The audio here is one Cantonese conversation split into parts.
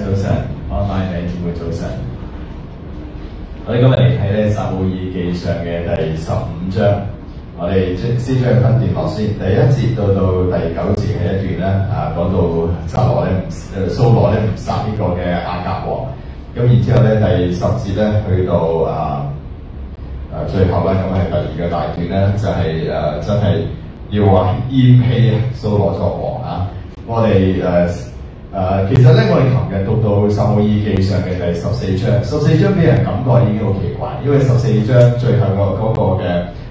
早晨，我歡迎兩位早晨。我哋今日嚟睇咧，《撒母耳記上》嘅第十五章。我哋先先將佢分段落先。第一節到到第九節係一段啦，啊，講到掃羅咧，誒、呃，掃羅咧，唔殺呢個嘅亞甲王。咁然之後咧，第十節咧去到啊啊，最後咧，咁係第二個大段咧，就係、是、誒、啊，真係要話厭棄掃羅作王啊！我哋誒。啊誒、呃，其實咧，我哋琴日讀到《撒母意記》上嘅第十四章。十四章俾人感覺，已經好奇怪，因為十四章最後個嗰個嘅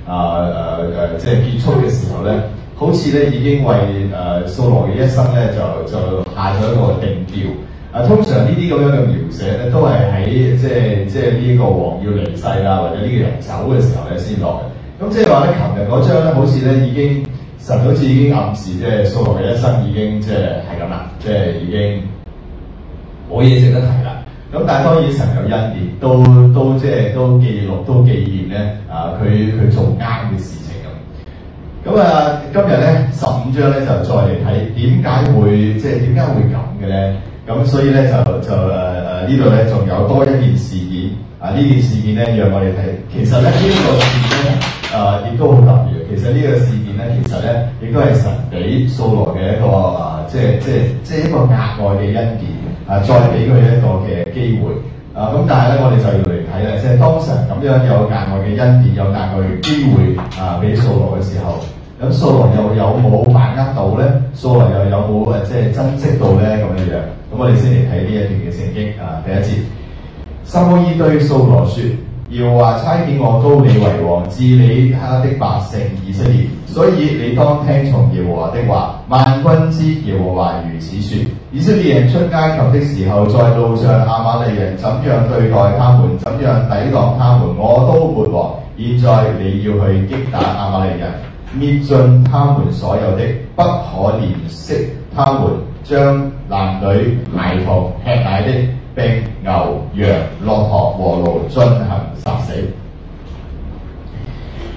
誒誒誒，即係結束嘅時候咧，好似咧已經為誒掃羅嘅一生咧就就下咗一個定調。啊、呃，通常呢啲咁樣嘅描寫咧，都係喺即係即係呢個王要離世啊，或者呢個人走嘅時候咧先落嘅。咁即係話咧，琴日嗰張咧，好似咧已經。神好似已經暗示，即係掃羅嘅一生已經即係係咁啦，即係已經冇嘢值得提啦。咁但係當然神有一年都都即係都記錄、都記念咧。啊，佢佢做啱嘅事情咁。咁啊，今日咧十五章咧就再嚟睇點解會即係點解會咁嘅咧？咁所以咧就就誒誒、啊、呢度咧仲有多一件事件啊！呢件事件咧讓我哋睇，其實咧呢、這個事件咧。啊！亦、呃、都好特別，其實呢個事件咧，其實咧亦都係神俾掃羅嘅一個啊、呃，即係即係即係一個額外嘅恩典啊，再俾佢一個嘅機會啊！咁但係咧，我哋就要嚟睇咧，即係當神咁樣有額外嘅恩典，有額外嘅機會啊，俾掃羅嘅時候，咁掃羅又有冇把握到咧？掃羅又有冇誒即係珍惜到咧？咁樣樣，咁我哋先嚟睇呢一段嘅聖經啊，第一節，撒母耳對掃羅說。耶和華差遣我膏你為王治理他的百姓以色列，所以你當聽從耶和華的話。萬軍之耶和華如此説：以色列人出埃及的時候，在路上亞瑪力人怎樣對待他們，怎樣抵擋他們，我都沒忘。現在你要去擊打亞瑪力人，滅盡他們所有的，不可憐惜他們，將男女孩童吃奶的。並牛羊駱駝和驢進行殺死。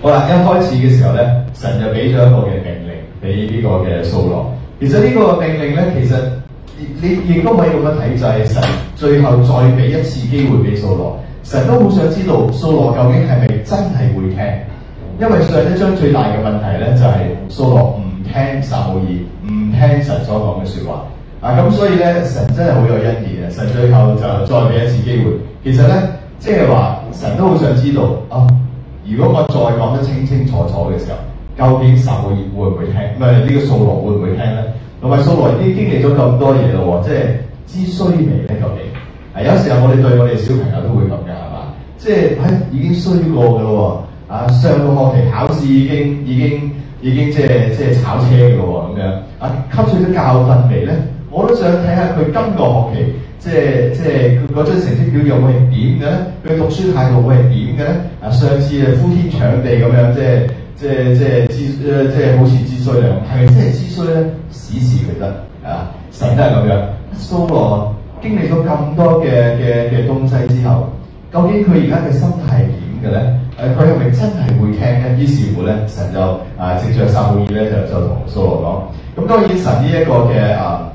好啦，一開始嘅時候咧，神就俾咗一個嘅命令俾呢個嘅掃羅。其實呢個命令咧，其實你亦都可以咁樣睇，就係、是、神最後再俾一次機會俾掃羅。神都好想知道掃羅究竟係咪真係會聽？因為上一章最大嘅問題咧，就係掃羅唔聽撒母耳，唔聽神所講嘅說話。啊！咁所以咧，神真係好有恩典嘅。神最後就再俾一次機會。其實咧，即係話神都好想知道啊。如果我再講得清清楚楚嘅時候，究竟十個月會唔會，會聽？唔係呢個掃羅會唔會聽咧？同埋掃羅已經經歷咗咁多嘢咯、啊，即係知衰未咧？究竟啊？有時候我哋對我哋小朋友都會咁嘅，係嘛？即係喺、哎、已經衰過嘅咯喎。啊，上個學期考試已經已經已經，已經即係即係炒車嘅咯喎，咁樣啊，吸取啲教訓未咧？我都想睇下佢今個學期即係即係嗰張成績表又會係點嘅咧？佢讀書態度會係點嘅咧？啊，上次係呼天搶地咁樣，即係即係即係支誒即係好似支衰咁，係咪真係支需咧？史事佢得，啊，神都係咁樣。掃羅經歷咗咁多嘅嘅嘅東西之後，究竟佢而家嘅心態係點嘅咧？誒，佢係咪真係會聽咧？於是乎咧，神就啊，正著三寶二咧，就就同掃羅講。咁當然神呢一個嘅啊～啊啊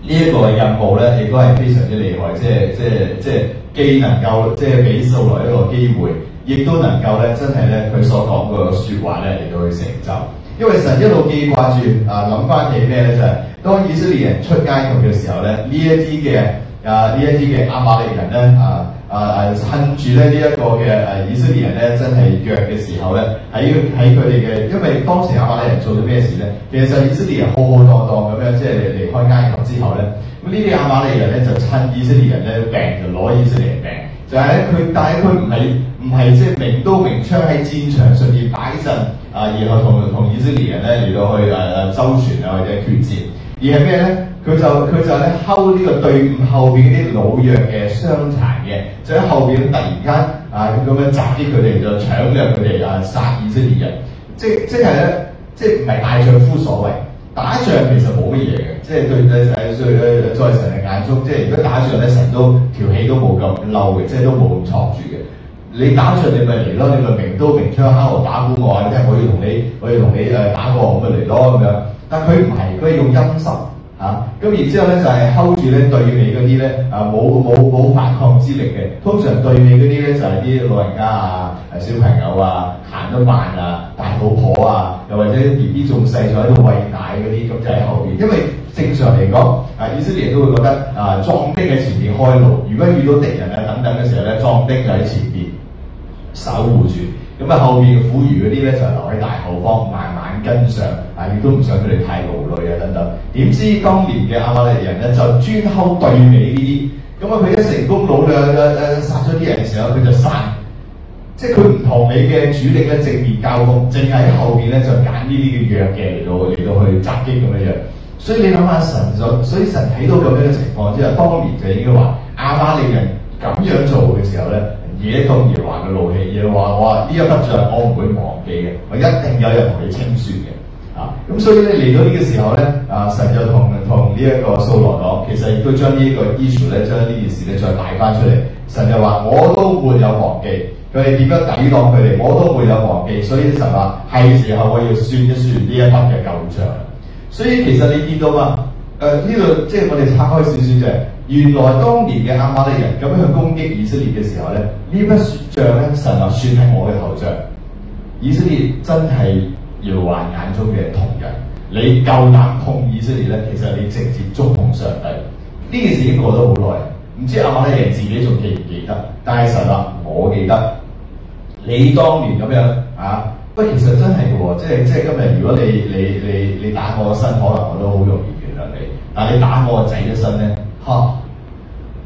呢一個任務呢，亦都係非常之厲害，即係即係即係既能夠即係俾掃羅一個機會，亦都能夠呢。真係呢，佢所講個説話呢，嚟到去成就。因為神一路記掛住啊，諗翻起咩呢？就係、是、當以色列人出埃及嘅時候呢，呢一啲嘅。啊！呢一啲嘅阿瑪利人咧，啊啊趁、這個、啊趁住咧呢一個嘅誒以色列人咧，真係弱嘅時候咧，喺喺佢哋嘅，因為當時阿瑪利人做咗咩事咧？其實以色列人浩浩蕩蕩咁樣，即係離開埃及之後咧，咁呢啲阿瑪利人咧就趁以色列人咧病就攞以色列人命，就係佢但係佢唔係唔係即係明刀明槍喺戰場上面擺陣啊，然後同同以色列人咧嚟到去誒誒、啊、周旋啊或者決戰，而係咩咧？佢就佢就咧，溝呢個隊伍後邊啲老弱嘅傷殘嘅，就喺後邊突然間啊咁樣襲擊佢哋，就搶掠佢哋啊殺以色列人，即即係咧，即係唔係大丈夫所為。打仗其實冇乜嘢嘅，即係對對、就係、所以，誒在神嘅眼中，即係如果打仗咧，神都條氣都冇咁漏嘅，即係都冇咁藏住嘅。你打仗你咪嚟咯，你咪明刀明槍敲打我打鼓我，即係我要同你我要同你誒打過，我咪嚟咯咁樣。但佢唔係，佢用陰濕。嚇！咁、啊、然之後咧就係、是、hold 住咧對面嗰啲咧，啊冇冇冇反抗之力嘅。通常對面嗰啲咧就係、是、啲老人家啊、誒小朋友啊、行得慢啊、大肚婆啊，又或者 B B 仲細仲喺度餵奶嗰啲，咁就喺後邊。因為正常嚟講，啊以色列都會覺得啊，壯丁喺前面開路。如果遇到敵人啊等等嘅時候咧，壯丁就喺前邊守護住。咁啊，後面嘅婦孺嗰啲咧就留喺大後方，慢慢跟上。但亦都唔想佢哋太勞累啊等等。點知當年嘅亞瑪力人咧就專口對尾呢啲。咁、嗯、啊，佢一成功攞兩誒誒、啊啊、殺咗啲人嘅時候，佢就散。即係佢唔同你嘅主力咧正面交鋒，淨係喺後邊咧就揀呢啲嘅弱嘅嚟到嚟到去襲擊咁樣啫。所以你諗下神就，所以神睇到咁樣嘅情況之後，當年就應該話亞瑪力人咁樣做嘅時候咧。野而耶和華嘅怒氣，而係話：哇！呢一筆帳我唔會忘記嘅，我一定有人同你清算嘅啊！咁所以咧嚟到呢個時候咧啊，神就同同呢一個掃羅講，其實亦都將呢一個 issue 咧，將呢件事咧再擺翻出嚟。神就話：我都冇忘記佢哋點樣抵擋佢哋，我都冇忘記。所以神話係時候我要算一算呢一筆嘅舊帳。所以其實你見到嘛？誒呢度即係我哋拆開少少啫。原來當年嘅阿瑪利人咁樣去攻擊以色列嘅時候咧，呢筆、啊、算帳咧神話算喺我嘅頭上。以色列真係要話眼中嘅同人，你夠膽碰以色列咧，其實你直接觸碰上帝。呢件事已經過咗好耐，唔知阿瑪利人自己仲記唔記得？但係神話我記得，你當年咁樣啊，不過其實真係嘅喎，即係即係今日如果你你你你，你打我個身，可能我都好容易。但係你打我個仔一身咧，吓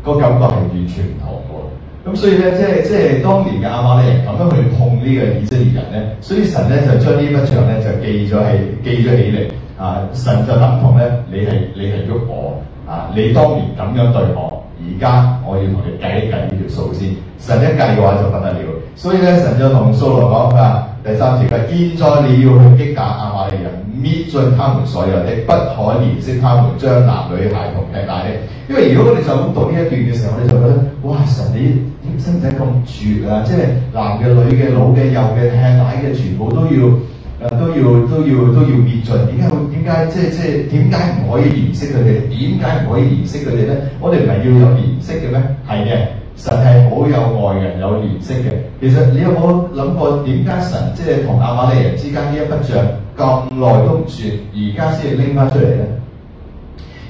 個感覺係完全唔同嘅。咁所以咧，即係即係當年嘅亞瑪力咧，咁樣去攻呢個以色列人咧，所以神咧就將筆呢筆賬咧就記咗係記咗起嚟啊。神就諗同咧，你係你係喐我啊，你當年咁樣對我，而家我要同你計一計呢條數先。神一計嘅話就不得了，所以咧神就同掃羅講啊。第三條，現在你要去擊打亞瑪力人，滅盡他們所有的，不可憐惜他們，將男女孩童吃奶的。因為如果你就咁讀呢一段嘅時候，你就覺得，哇！神你點使唔使咁絕啊？即係男嘅、女嘅、老嘅、幼嘅、吃奶嘅，全部都要，誒都要都要都要滅盡。點解會點解？即係即係點解唔可以憐惜佢哋？點解唔可以憐惜佢哋咧？我哋唔係要有憐惜嘅咩？係嘅。神係好有愛人、有憐惜嘅。其實你有冇諗過點解神即係同亞瑪力人之間呢一筆賬咁耐都唔算，而家先至拎翻出嚟咧？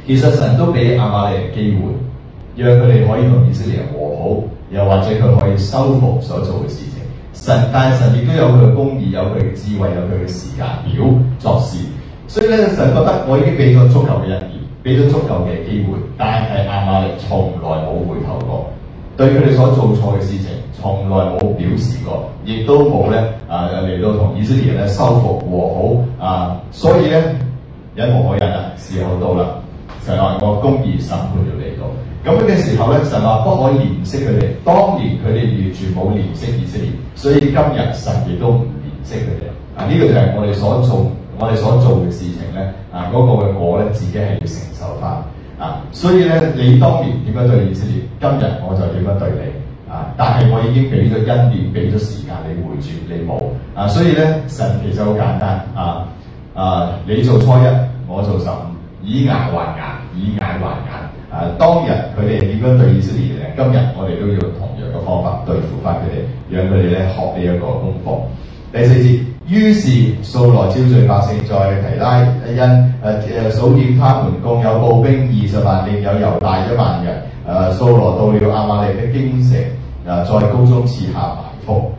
其實神都俾亞瑪力人機會，讓佢哋可以同以色列人和好，又或者佢可以修復所做嘅事情。神，但神亦都有佢嘅公義，有佢嘅智慧，有佢嘅時間表作事。所以咧，神覺得我已經俾咗足夠嘅恩典，俾咗足夠嘅機會，但係亞瑪力從來冇回頭過。對佢哋所做錯嘅事情，從來冇表示過，亦都冇咧啊嚟到同以色列咧修復和好啊、呃，所以咧忍無可忍啊，時候到啦，神話我公義審判要嚟到，咁嘅時候咧，神話不可憐惜佢哋，當年佢哋完全冇憐惜以色列，所以今日神亦都唔憐惜佢哋啊，呢、這個就係我哋所做，我哋所做嘅事情咧啊，嗰、那個嘅我咧自己係要承受翻。啊，所以咧，你當年點樣對以色列，今日我就點樣對你。啊，但係我已經俾咗恩典，俾咗時間你回轉，你冇。啊，所以咧，神其實好簡單。啊啊，你做初一，我做十五，以牙還牙，以眼還眼。啊，當日佢哋點樣對以色列咧，今日我哋都要同樣嘅方法對付翻佢哋，讓佢哋咧學呢一個功課。第四節，於是掃羅招聚百姓，在提拉、因，誒、呃、誒數點他們，共有步兵二十萬，另有猶大一萬人。誒掃羅到了亞瑪力的京城，誒在高中設下埋伏。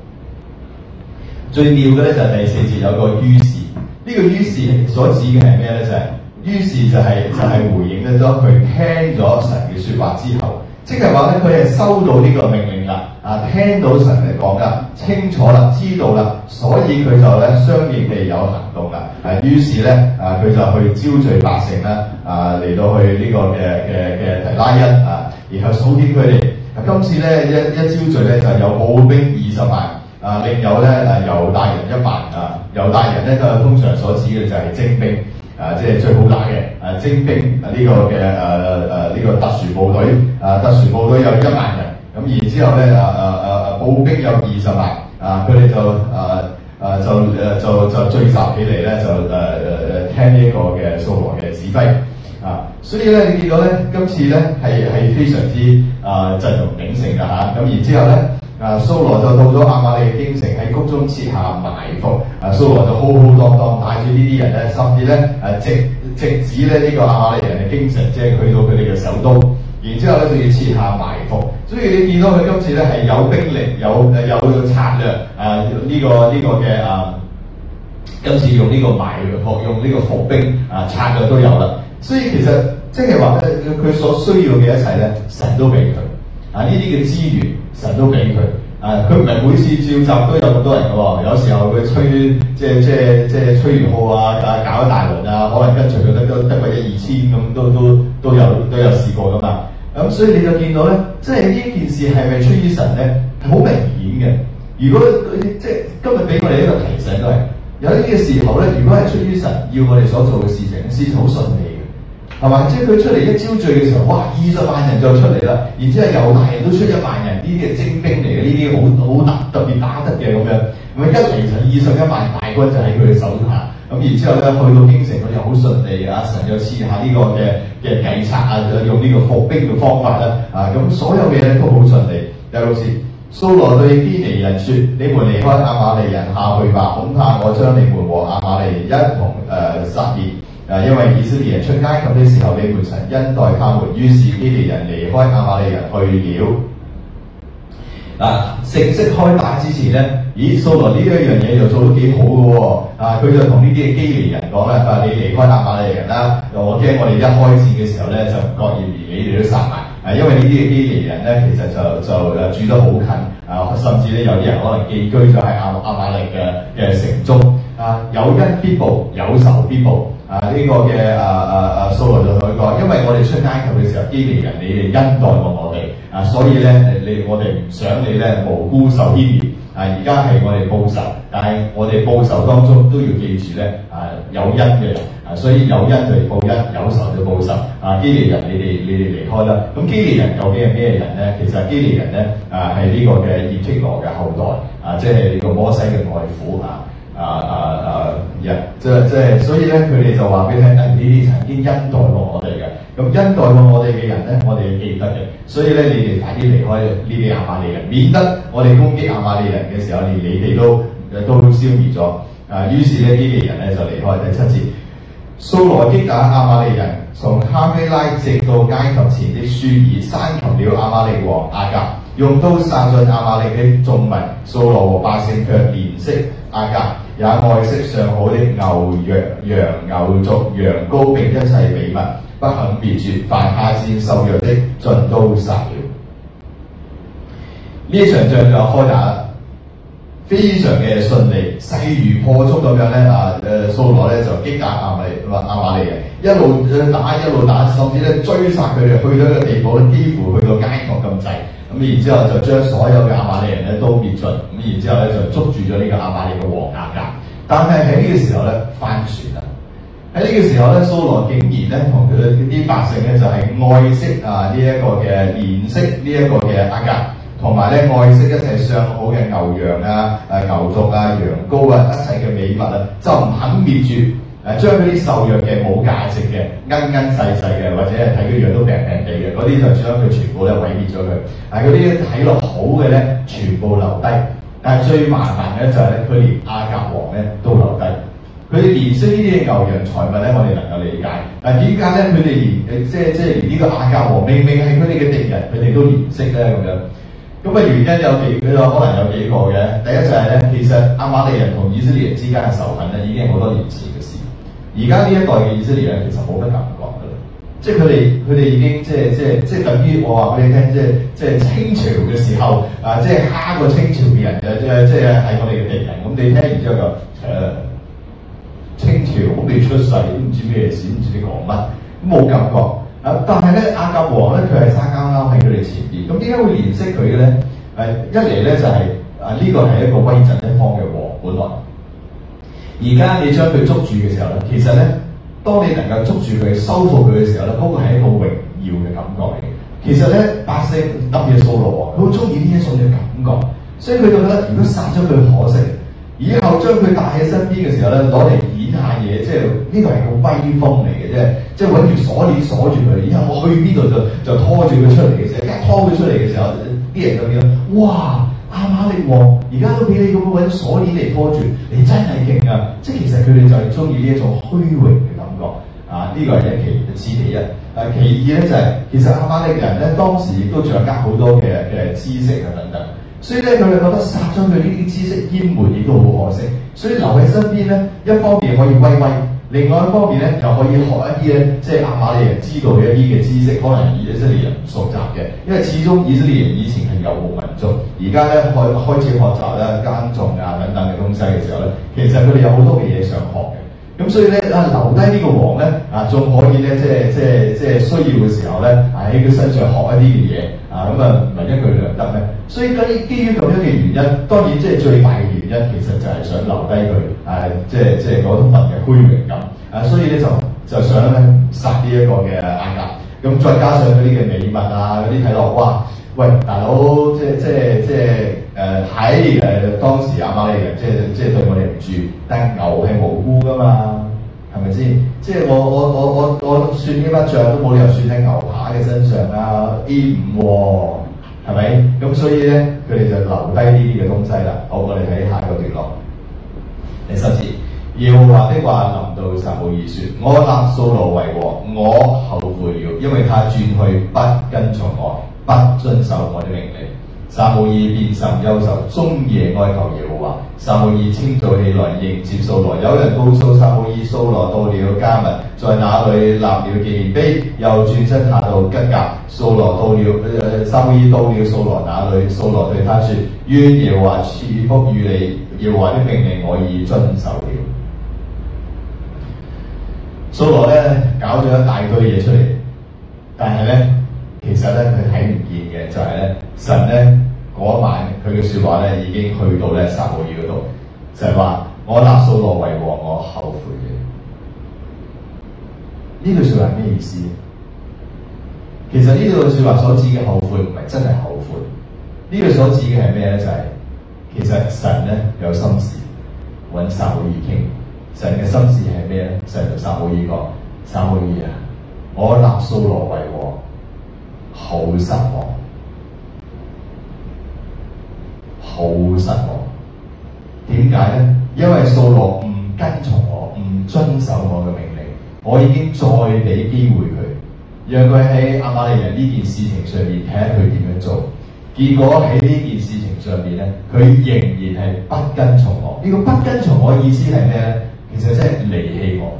最妙嘅咧就係、是、第四節有個於是，呢、這個於是所指嘅係咩呢？就係、是、於是就係、是、就係、是、回應咗佢聽咗神嘅説話之後。即係話咧，佢係收到呢個命令啦，啊聽到神嚟講噶清楚啦，知道啦，所以佢就咧，相應地有行動啦。啊，於是咧，啊佢就去招聚百姓啦，啊嚟到去呢個嘅嘅嘅提拉因，啊，然後數點佢哋。今次咧，一一招聚咧，就有步兵二十萬啊，另有咧啊，猶大人一萬啊，猶大人咧都係通常所指嘅就係精兵。啊，即係最好打嘅，啊精兵啊呢個嘅誒誒呢個特殊部隊，啊特殊部隊有一萬人，咁然之後咧，啊啊啊啊，步、啊、兵有二十萬，啊佢哋就啊啊就誒就就聚集起嚟咧，就誒誒、啊、聽呢個嘅掃羅嘅指揮，啊，所以咧你見到咧，今次咧係係非常之啊陣容鼎盛嘅嚇，咁、啊、然之後咧。啊，掃羅就到咗亞瑪力嘅京城喺谷中設下埋伏。啊，掃羅就浩浩蕩蕩帶住呢啲人咧，甚至咧誒、呃、直直指咧呢、這個亞瑪力人嘅京城，即係去到佢哋嘅首都。然之後咧，仲要設下埋伏。所以你見到佢今次咧係有兵力、有誒有策略誒呢、啊這個呢、這個嘅誒、啊、今次用呢個埋伏、用呢個伏兵誒、啊、策略都有啦。所以其實即係話咧，佢所需要嘅一切咧，神都俾佢啊！呢啲嘅資源。神都俾佢，啊，佢唔係每次召集都有咁多人嘅、啊、喎，有時候佢吹即係即係即係吹完號啊，搞一大輪啊，可能跟隨佢得得得個一二千咁，都都都有都有試過㗎嘛，咁、嗯、所以你就見到咧，即係呢件事係咪出於神咧，係好明顯嘅。如果佢即係今日俾我哋一個提醒都係，有呢啲嘅時候咧，如果係出於神要我哋所做嘅事情，先至好順利。係嘛？即係佢出嚟一招聚嘅時候，哇！二十萬人就出嚟啦，然之後又大人都出一萬人，呢啲係精兵嚟嘅，呢啲好好打，特別打得嘅咁樣。咁一嚟就二十一萬大軍就喺佢嘅手下，咁然之後咧去到京城佢就好順利啊！神又試下呢、這個嘅嘅計策啊，就用呢個伏兵嘅方法咧啊，咁所有嘢咧都好順利。有老師，掃羅對基尼人説：你們離開亞瑪力人下去吧，恐怕我將你們和亞瑪力一同誒殺滅。呃因為以色列人出街咁嘅時候，你們曾恩待他們，於是基尼人離開阿瑪利人去了。嗱，正式開打之前咧，咦，掃羅呢一樣嘢又做得幾好嘅喎？啊，佢就同呢啲基尼人講咧，佢話你離開阿瑪利人啦，我驚我哋一開始嘅時候咧，就唔各意連幾哋都殺埋啊，因為呢啲基尼人咧，其實就就誒住得好近啊，甚至咧有啲人可能寄居咗喺阿亞瑪利嘅嘅城中啊，有恩必報，有仇必報。啊！呢、這個嘅啊啊啊掃羅就同佢講，因為我哋出埃及嘅時候，基尼人你哋恩待過我哋啊，所以咧你我哋唔想你咧無辜受牽連啊！而家係我哋報仇，但係我哋報仇當中都要記住咧啊，有恩嘅人啊，所以有恩就報恩，有仇就報仇啊！基尼人，你哋你哋離開啦。咁基尼人究竟係咩人咧？其實基尼人咧啊係呢個嘅葉忒羅嘅後代啊，即係呢個摩西嘅外父啊。啊啊啊！人即係即係，所以咧佢哋就話俾你聽，呢啲曾經恩待過我哋嘅，咁恩待過我哋嘅人咧，我哋記得嘅。所以咧，你哋快啲離開呢啲亞瑪力人，免得我哋攻擊亞瑪力人嘅時候，連你哋都誒都消滅咗。啊，於是咧呢啲人咧就離開。第七節。掃羅擊打亞瑪力人，從哈腓拉直到埃及前啲書珥，生擒了亞瑪力王亞甲，用刀殺盡亞瑪力嘅眾民。掃羅和百姓卻憐惜亞甲。也愛惜上好的牛、羊、羊、牛、犢、羊羔並一切美物，不肯滅絕。凡下賤瘦弱的，盡都殺了。呢場仗就開打啦，非常嘅順利，勢如破竹咁樣呢啊，誒、呃，掃羅咧就擊打亞瑪力，話亞瑪力人，一路打，一路打，甚至咧追殺佢哋，去到一個地步，幾乎去到街角咁滯。然之後就將所有的阿瑪利人咧都滅盡，然之後咧就捉住咗呢個阿瑪利嘅王亞甲，但係喺呢個時候呢，翻船啦！喺呢個時候呢，蘇羅竟然呢同佢啲百姓呢，就係、是、愛惜啊呢一個嘅顏色，啊這個的色這個、的呢色一個嘅亞甲，同埋呢愛惜一切上好嘅牛羊啊、啊牛犢啊、羊羔啊、一切嘅美物啊，就唔肯滅絕。誒將嗰啲瘦弱嘅冇價值嘅奀奀細細嘅，或者係睇佢樣都病病地嘅嗰啲，就將佢全部咧毀滅咗佢。但係嗰啲睇落好嘅咧，全部留低。但係最麻煩嘅咧就係咧，佢連亞甲王咧都留低。佢哋憐惜呢啲牛羊財物咧，我哋能夠理解。但係點解咧？佢哋連即即呢、這個亞甲王，明明係佢哋嘅敵人，佢哋都憐惜咧咁樣？咁啊原因有幾？佢話可能有幾個嘅。第一就係咧，其實亞瑪力人同以色列人之間嘅仇恨咧，已經係好多年前嘅事。而家呢一代嘅以色列人其實冇乜感覺㗎啦，即係佢哋佢哋已經即係即係即係等於我話俾你聽，即係即係清朝嘅時候啊，即係蝦過清朝嘅人嘅即係即係係我哋嘅敵人。咁、嗯、你聽完之後就誒、呃、清朝都未出世，都唔知咩事，唔知你講乜，冇感覺啊。但係咧，亞甲王咧，佢係生啱啱喺佢哋前邊，咁點解會認識佢嘅咧？誒、啊，一嚟咧就係、是、啊呢、這個係一個威震一方嘅王，本來。而家你將佢捉住嘅時候咧，其實咧，當你能夠捉住佢，收復佢嘅時候咧，嗰個係一個榮耀嘅感覺嚟。其實咧，百姓得嘢數落佢好中意呢一種嘅感覺，所以佢就覺得如果殺咗佢可惜，以後將佢帶喺身邊嘅時候咧，攞嚟演下嘢，即係呢個係個威風嚟嘅，啫。即係揾住鎖鏈鎖住佢，以後我去呢度就就拖住佢出嚟嘅時候，一拖佢出嚟嘅時候，啲人都覺得哇！阿、啊、馬力王而家都畀你咁樣揾鎖鏈嚟拖住，你真係勁啊！即係其實佢哋就係中意呢一種虛榮嘅感覺啊！呢、這個係其，其一，知其一。誒，其二咧就係、是、其實阿馬力人咧，當時亦都掌握好多嘅嘅知識啊等等，所以咧佢哋覺得殺咗佢，呢啲知識湮沒，亦都好可惜。所以留喺身邊咧，一方面可以威威。另外一方面咧，又可以學一啲咧，即係亞瑪力人知道嘅一啲嘅知識。可能以色列人唔熟習嘅，因為始終以色列人以前係遊牧民族，而家咧開開始學習啦，耕種啊等等嘅東西嘅時候咧，其實佢哋有好多嘅嘢想學嘅，咁所以咧啊，留低呢個王咧啊，仲可以咧，即係即係即係需要嘅時候咧，喺佢身上學一啲嘅嘢啊，咁啊唔係一舉兩得咩？所以基基於咁樣嘅原因，當然即係最大。原因其實就係想留低佢，誒、啊，即係即係嗰種份嘅虛榮感，誒、啊，所以咧就就想咧殺呢一個嘅亞甲。咁、啊、再加上佢啲嘅美物啊，嗰啲睇落，哇，喂，大佬，即係即係即係誒，係、呃、誒，當時阿媽嚟嘅，即係即係對我哋唔住，但係牛係無辜㗎嘛，係咪先？即係我我我我我算呢筆賬都冇理由算喺牛下嘅身上啊，冤喎！係咪？咁所以呢，佢哋就留低呢啲嘅東西啦。好，我哋睇下個段落。你收住。耶和華的話，臨到就撒母耳說。我立掃羅為王，我後悔了，因為他轉去不跟從我，不遵守我的命令。撒母耳便甚憂愁，終夜哀求耶和華。撒母耳清早起來迎接掃羅。有人告訴撒母耳，掃羅到了迦密，在那裏立了紀念碑，又轉身下到吉甲。掃羅到了，誒，撒母耳到了掃羅那裏。掃羅對他說：願耶和華賜福與你。耶和華的命令我已遵守了。掃羅呢，搞咗一大堆嘢出嚟，但係呢。其實咧，佢睇唔見嘅就係、是、咧，神咧嗰晚佢嘅説話咧已經去到咧撒母耳嗰度，就係話我納掃羅為王，我後悔嘅。呢句説話係咩意思？其實呢句説話所指嘅後悔唔係真係後悔，呢句所指嘅係咩咧？就係、是、其實神咧有心事揾撒母耳傾。神嘅心事係咩咧？就係同撒母耳講：撒母耳啊，我納掃羅為王。好失望，好失望。點解咧？因為掃羅唔跟從我，唔遵守我嘅命令。我已經再俾機會佢，讓佢喺亞瑪力人呢件事情上面睇下佢點樣做。結果喺呢件事情上面咧，佢仍然係不跟從我。呢、這個不跟從我嘅意思係咩咧？其實即係離棄我，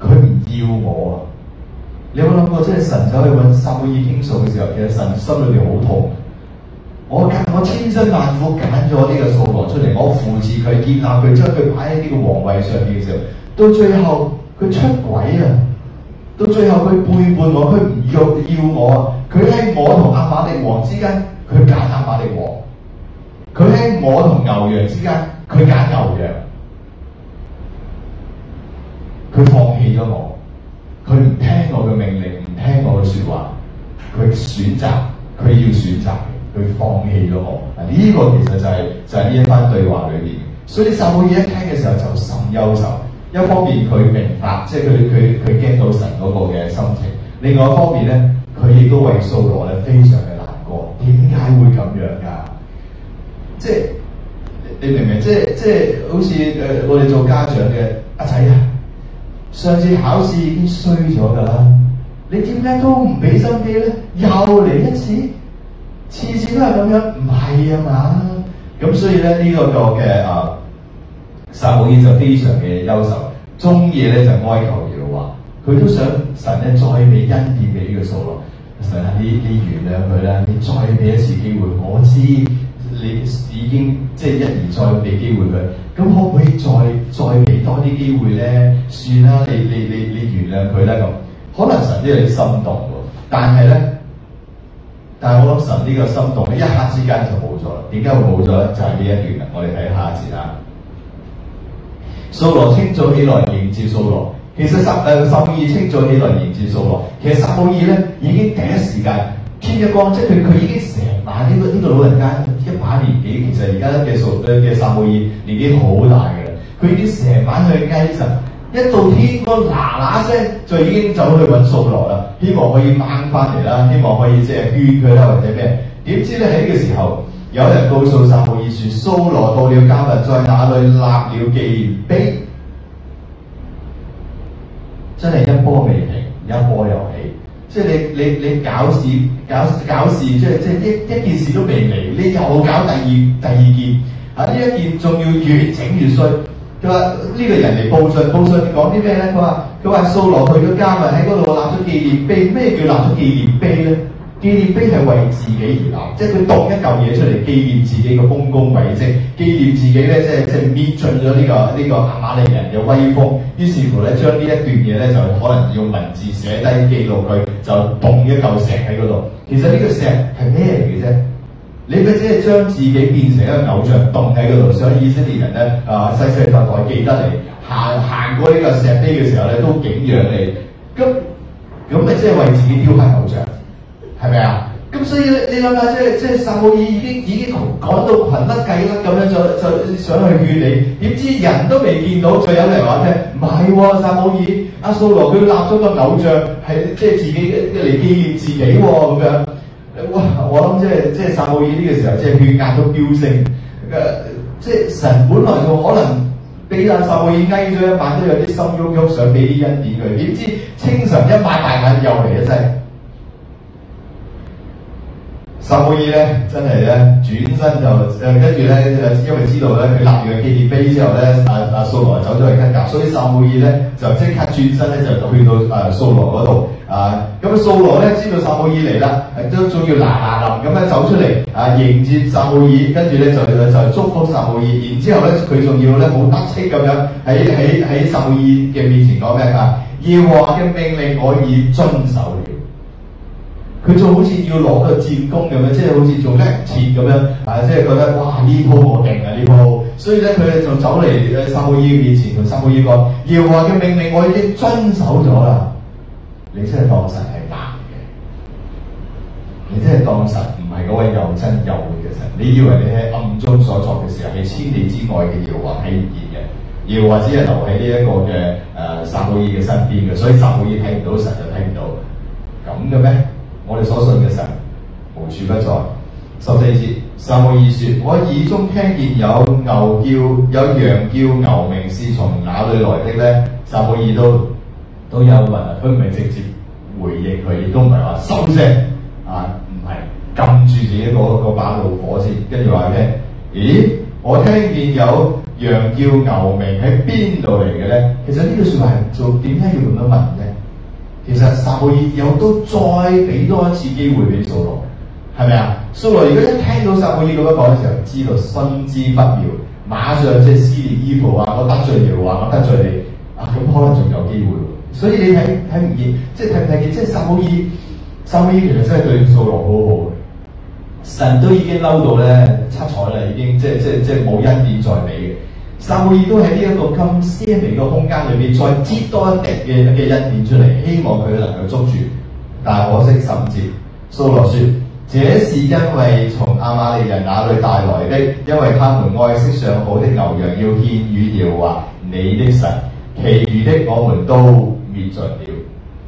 佢唔要我啊！有冇諗過，即係神走去搵撒母耳傾數嘅時候，其實神心裏邊好痛。我揀我千辛萬苦揀咗呢個掃羅出嚟，我扶持佢、建立佢，將佢擺喺呢個王位上面嘅時候，到最後佢出軌啊！到最後佢背叛我，佢唔要要我啊！佢喺我同亞瑪力王之間，佢揀亞瑪力王；佢喺我同牛羊之間，佢揀牛羊。佢放棄咗我。佢唔聽我嘅命令，唔聽我嘅説話，佢選擇，佢要選擇，佢放棄咗我。呢、這個其實就係、是、就係、是、呢一番對話裏邊。所以撒母耳一聽嘅時候就心憂愁。一方面佢明白，即係佢佢佢驚到神嗰個嘅心情；另外一方面咧，佢亦都為掃羅呢，啊非常嘅難過。點解會咁樣㗎？即係你明唔明？即係即係好似誒、呃、我哋做家長嘅阿仔啊！上次考試已經衰咗㗎啦，你點解都唔俾心機咧？又嚟一次，次次都係咁樣，唔係啊嘛。咁所以咧呢、這個個嘅啊撒母耳就非常嘅憂愁，中意咧就哀求而話：佢都想神咧再俾恩典俾呢個數落神啊，啲啲原諒佢啦，你再俾一次機會。我知。你已經即係一而再俾機會佢，咁可唔可以再再俾多啲機會咧？算啦，你你你你原諒佢啦。可能神都有啲心動喎，但係咧，但係我諗神呢個心動咧，一刻之間就冇咗。點解會冇咗咧？就係、是、呢一段啦。我哋睇下一節啦。掃羅清早起來迎接掃羅，其實十啊十二清早起來迎接掃羅，其實撒母耳咧已經第一時間天一光，即係佢佢已經成晚呢、呢個呢個老人家。一把年紀，其實而家嘅掃，嘅撒母耳年紀好大㗎啦。佢已經成晚去哀神，一到天光嗱嗱聲，就已經走去揾掃羅啦，希望可以掹返嚟啦，希望可以即係勸佢啦，或者咩？點知咧？喺呢個時候，有人告訴撒母耳說掃羅到了迦密，在那裏立了紀念碑，真係一波未平，一波又起。即係你你你搞事搞搞事，即係即係一一件事都未嚟，你又搞第二第二件啊！呢一件仲要越整越衰。佢話呢個人嚟報信，報信講啲咩咧？佢話佢話掃羅去咗迦密啊，喺嗰度立咗紀念碑。咩叫立咗紀念碑咧？紀念碑係為自己而立，即係佢篤一嚿嘢出嚟紀念自己嘅豐功偉績，紀念自己咧，即係即係滅盡咗呢個呢個亞瑪力人嘅威風。於是乎咧，將呢一段嘢咧就可能用文字寫低記錄佢，就篤一嚿石喺嗰度。其實呢個石係咩嚟嘅啫？你咪即係將自己變成一個偶像篤喺嗰度，所以以色列人咧啊，世世代代記得你。行行過呢個石碑嘅時候咧，都景仰你。咁咁咪即係為自己雕刻偶像。係咪啊？咁所以你諗下，即係即係撒母耳已經已經趕到羣甩計甩咁樣，就再想去勸你，點知人都未見到，再有嚟話聽唔係喎，撒母耳，阿掃羅佢立咗個偶像，係即係自己嚟紀念自己喎、啊、咁樣。哇！我諗即係即係撒母耳呢個時候，即係血壓都飆升。誒、啊，即係神本來就可能俾阿撒母耳捱咗一晚，都有啲心郁郁想俾啲恩典佢，點知清晨一擘大眼又嚟一劑。撒母耳呢真係呢，轉身就跟住、啊、呢，因為知道呢，佢立住個紀念碑之後呢，阿阿掃羅走咗去吉甲，所以撒母耳呢就即刻轉身呢，就去到誒掃羅嗰度，誒咁啊掃、啊啊、羅呢知道撒母耳嚟啦，都、啊、仲要嗱嗱臨咁咧走出嚟啊迎接撒母耳，跟住呢就就，就祝福撒母耳，然之後呢，佢仲要呢，好得戚咁樣喺喺喺撒母耳嘅面前講咩啊？耶和華嘅命令可以遵守。佢就好似要落個戰功咁樣，即係好似做黑切咁樣啊！即係覺得哇，呢鋪我定啊！呢鋪，所以咧，佢哋就走嚟撒母耳面前同撒母耳講：遙華嘅命令，我已經遵守咗啦。你真係當神係白嘅，你真係當神唔係嗰位又真又活嘅神。你以為你喺暗中所作嘅時候，喺千里之外嘅遙華睇唔見嘅，遙華只係留喺呢一個嘅誒撒母耳嘅身邊嘅，所以撒母耳睇唔到神就睇唔到咁嘅咩？我哋所信嘅神無處不在。十四節，撒母耳說：我耳中聽見有牛叫、有羊叫，牛鳴是從哪裏來的呢？撒母耳都都有問，佢唔係直接回應佢，亦都唔係話收聲啊，唔係撳住自己嗰嗰把怒火先，跟住話咩？咦，我聽見有羊叫、牛鳴喺邊度嚟嘅咧？其實個說呢句説話係做點解要咁樣問咧？其實撒母耳又都再俾多一次機會俾掃羅，係咪啊？掃羅如果一聽到撒母耳咁樣講嘅時候，知道心知不妙，馬上即係撕裂衣服啊，我得罪你啊，我得罪你啊，咁可能仲有機會，所以你睇睇唔見，即係睇唔睇見，即係撒母耳，撒母耳其實真係對掃羅好好嘅。神都已經嬲到咧，七彩啦，已經即係即係即係冇恩典再俾。受意都喺呢一個咁奢靡嘅空間裏邊，再擠多一滴嘅嘅恩典出嚟，希望佢能夠捉住。但係可惜，十五節，掃羅説：這是因為從亞瑪力人那裏帶來的，因為他們愛惜上好的牛羊要獻要獻，要獻與耶和華你的神。其餘的，我們都滅盡了。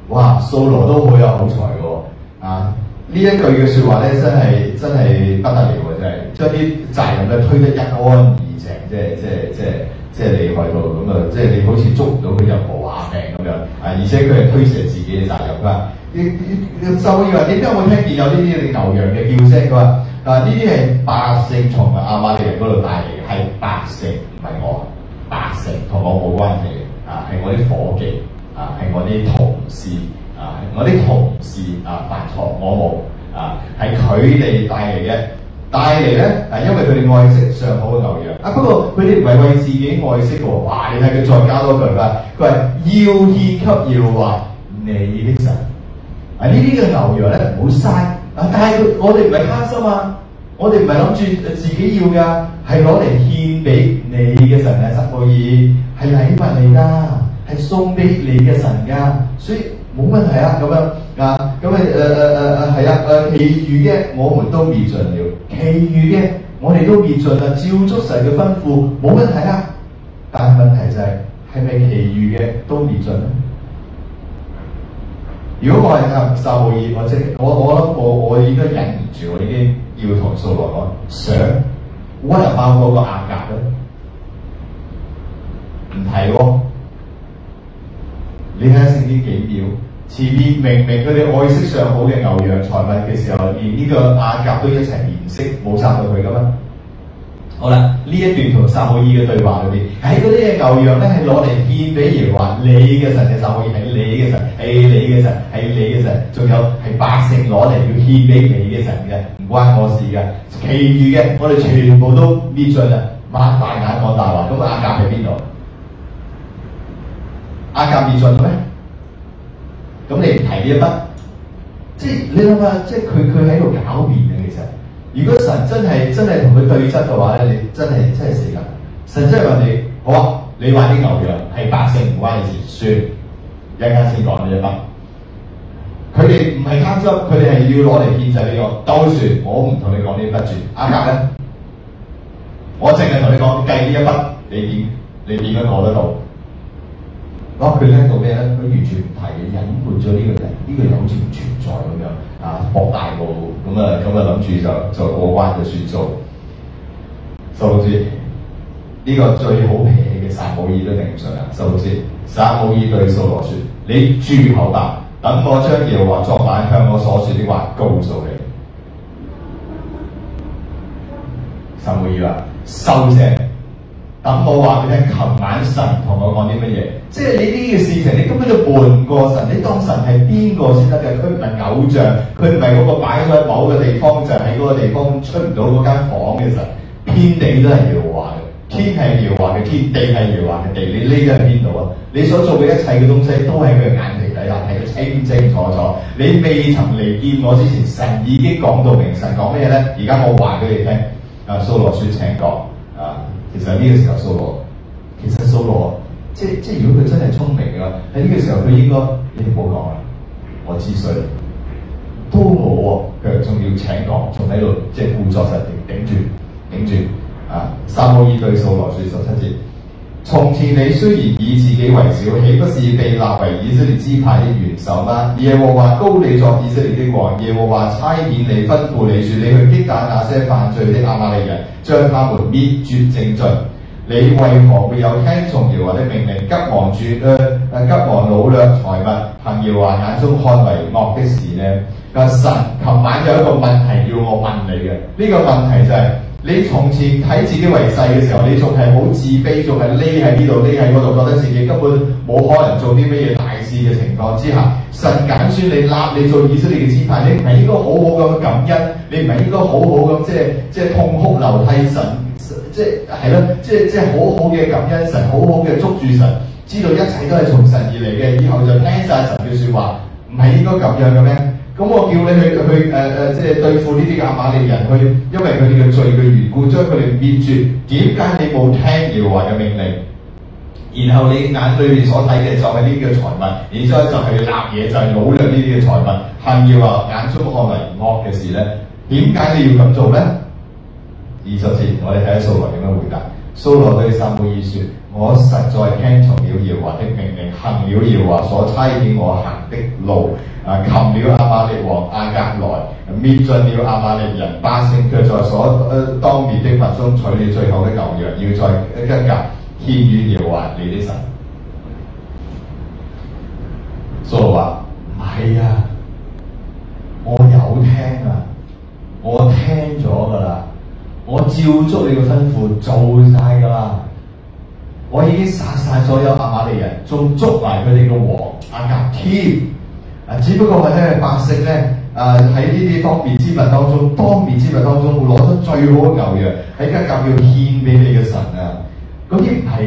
哇！掃羅都好有口才喎。啊，呢一句嘅説話咧，真係真係不得了嘅，真係將啲責任咧推得一安。即係即係即係即係厲害到咁啊！即係你，你好似捉唔到佢任何話柄咁樣啊！而且佢係推卸自己嘅責任㗎。啲你，你，你，就我以為你有冇聽見有呢啲牛羊嘅叫聲㗎？嗱，呢啲係百姓從啊！亞瑪力人嗰度帶嚟嘅係百姓，唔係我。百姓同我冇關係嘅啊，係我啲夥計啊，係我啲同事啊，我啲同事啊犯錯我無啊，係佢哋帶嚟嘅。帶嚟咧，啊，因為佢哋愛食上好嘅牛羊啊。不過佢哋唔係為自己愛惜嘅喎，哇！你睇佢再加多句啦，佢話要獻給要啊，的啊啊要的你的神啊！呢啲嘅牛羊咧唔好嘥啊。但係佢我哋唔係貪心啊，我哋唔係諗住自己要㗎，係攞嚟獻俾你嘅神啊，十可以係禮物嚟㗎，係送俾你嘅神㗎，所以冇問題啊。咁樣啊，咁啊，誒誒誒誒係啊，誒其餘嘅，啊啊、我們都未盡了。其餘嘅我哋都滅盡啦，照足神嘅吩咐，冇問題啦。但問題就係、是，係咪其餘嘅都滅盡咧？如果我係啊受害或者我我覺得我我已經忍不住，我已經要同數落落，想我唔包括個亞甲咧，唔係喎。你睇剩啲幾秒？前面明明佢哋愛惜上好嘅牛羊財物嘅時候，連呢個亞甲都一齊滅色，冇殺到佢噶咩？好啦，呢一段同撒母耳嘅對話裏邊，喺嗰啲嘢牛羊咧係攞嚟獻俾耶和華你嘅神嘅，撒母耳，係你嘅神，係你嘅神，係你嘅神，仲有係百姓攞嚟要獻俾你嘅神嘅，唔關我事噶。其餘嘅我哋全部都滅盡啦，擘大眼講大話，咁個亞甲喺邊度？亞甲滅盡咗咩？咁你唔提呢一筆，即你諗下，即係佢佢喺度狡辯啊！其實，如果神真係真係同佢對質嘅話你真係真係死人。神真係問你：好啊，你話啲牛羊係百姓唔關你事，算一陣先講呢一筆。佢哋唔係貪心，佢哋係要攞嚟建制呢、這個。都算，我唔同你講呢一筆住。算、嗯，價格咧，我淨係同你講計呢一筆，你點你點樣過得到？啊！佢聽到咩咧？佢完全唔提，隱瞞咗呢個人，呢個人好似唔存在咁樣啊！博大霧咁啊，咁啊諗住就就過關就算數。收住！呢個最好脾氣嘅撒母耳都頂唔順啦。收住！撒母耳對掃羅説：你住口吧，等我將耶和華昨晚向我所説的話告訴你。撒母耳啊，收聲！等、嗯、我話俾你聽，琴晚神同我講啲乜嘢？即係你呢件事情，你根本就瞞過神。你當神係邊個先得嘅？佢唔係偶像，佢唔係嗰個擺咗喺某個地方，就喺、是、嗰個地方出唔到嗰間房嘅神地都天。天地都係搖晃嘅，天係搖晃嘅，天地係搖晃嘅地。你匿咗喺邊度啊？你所做嘅一切嘅東西都喺佢眼皮底，底下，睇得清清楚楚。你未曾嚟見我之前，神已經講到明，神講咩咧？而家我話俾你聽，啊，掃羅説，請講。其實喺呢個時候掃羅，其實掃羅，即即如果佢真係聰明嘅，喺呢個時候佢應該，你哋唔好講啦，我知衰都冇啊，佢仲要請講，仲喺度即故作實頂住，頂住啊，撒母耳對掃羅説，十七節。從前你雖然以自己為小，豈不是被立為以色列支派的元首嗎？耶和華膏你作以色列的王，耶和華差遣你吩咐你，説你去擊打那些犯罪的亞瑪力人，將他們滅絕淨盡。你為何沒有聽從耶和華的命令，急忙、呃，急忙住誒誒急忙擄掠財物，行耶和華眼中看為惡的事呢？啊，神，琴晚有一個問題要我問你嘅，呢、這個問題就係、是。你從前睇自己為世嘅時候，你仲係好自卑，仲係匿喺呢度，匿喺嗰度，覺得自己根本冇可能做啲咩嘢大事嘅情況之下，神揀選你立你做以色列嘅支派，你唔係應該好好咁感恩？你唔係應該好好咁即係即係痛哭流涕神，即係係咯，即係即係好好嘅感恩神，好好嘅捉住神，知道一切都係從神而嚟嘅，以後就聽晒神嘅説話，唔係應該咁樣嘅咩？咁我叫你去去誒、呃、對付呢啲亞瑪力人去，因為佢哋嘅罪嘅緣故，將佢哋滅絕。點解你冇聽耶和華嘅命令？然後你眼裏面所睇嘅就係呢啲嘅財物，然之後就係攬嘢，就係擄掠呢啲嘅財物，行耶和華眼中看為惡嘅事咧？點解你要咁做呢？二十節，我哋睇掃羅點樣回答。掃羅對撒母耳説。我實在聽從了耶和華的命令，行了耶和華所差遣我行的路，啊，擒了亞瑪力王亞甲來，滅盡了亞瑪力人，百姓卻在所當滅的物中取了最好的牛羊，要在吉甲獻與耶和華你的神。蘇話：唔係啊，我有聽啊，我聽咗噶啦，我照足你嘅吩咐做曬噶啦。我已經殺晒所有阿馬利人，仲捉埋佢哋個王阿甲添。啊，只不過係咧，百姓咧，誒喺呢啲當面之物當中，當面之物當中會攞得最好嘅牛羊，喺吉甲要獻俾你嘅神啊。嗰啲唔係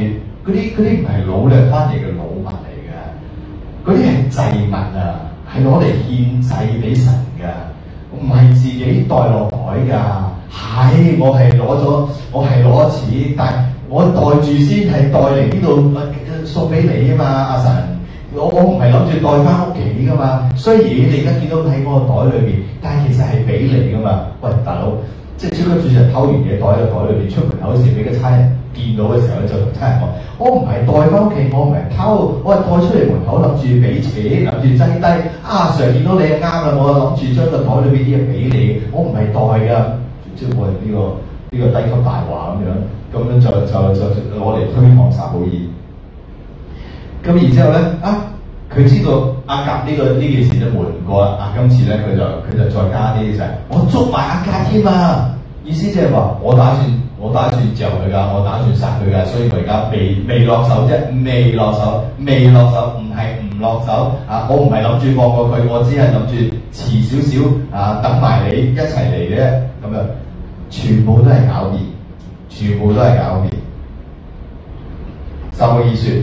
啲，啲唔係努力翻嚟嘅擄物嚟嘅，嗰啲係祭物啊，係攞嚟獻祭俾神嘅，唔係自己代落袋㗎。係我係攞咗，我係攞錢，但我袋住先，係袋嚟呢度，送俾你啊嘛，阿 Sir。我我唔係諗住袋翻屋企噶嘛。雖然你而家見到喺我，我個袋裏邊，但係其實係俾你噶嘛。喂，大佬，即係超級住頭偷完嘢袋喺袋裏邊，出門口時俾個差人見到嘅時候，就同差人講：我唔係袋翻屋企，我唔係偷，我係袋出嚟門口，諗住俾錢，諗住擠低。阿、啊、Sir 見到你啱啦，我諗住將個袋裏邊啲嘢俾你，我唔係袋㗎。超過係呢個。呢個低級大話咁樣，咁樣就就就攞嚟推搪撒母耳。咁然之後咧，啊，佢知道阿甲呢、這個呢件事都瞞唔過啦。啊，今次咧佢就佢就再加啲就係、是，我捉埋阿甲添啊！意思即係話，我打算我打算召佢㗎，我打算殺佢㗎，所以佢而家未未落手啫，未落手，未落手，唔係唔落手，不不落手啊！我唔係諗住放過佢，我只係諗住遲少少啊，等埋你一齊嚟嘅。咁啊～全部都係狡辯，全部都係狡辯。撒母耳説：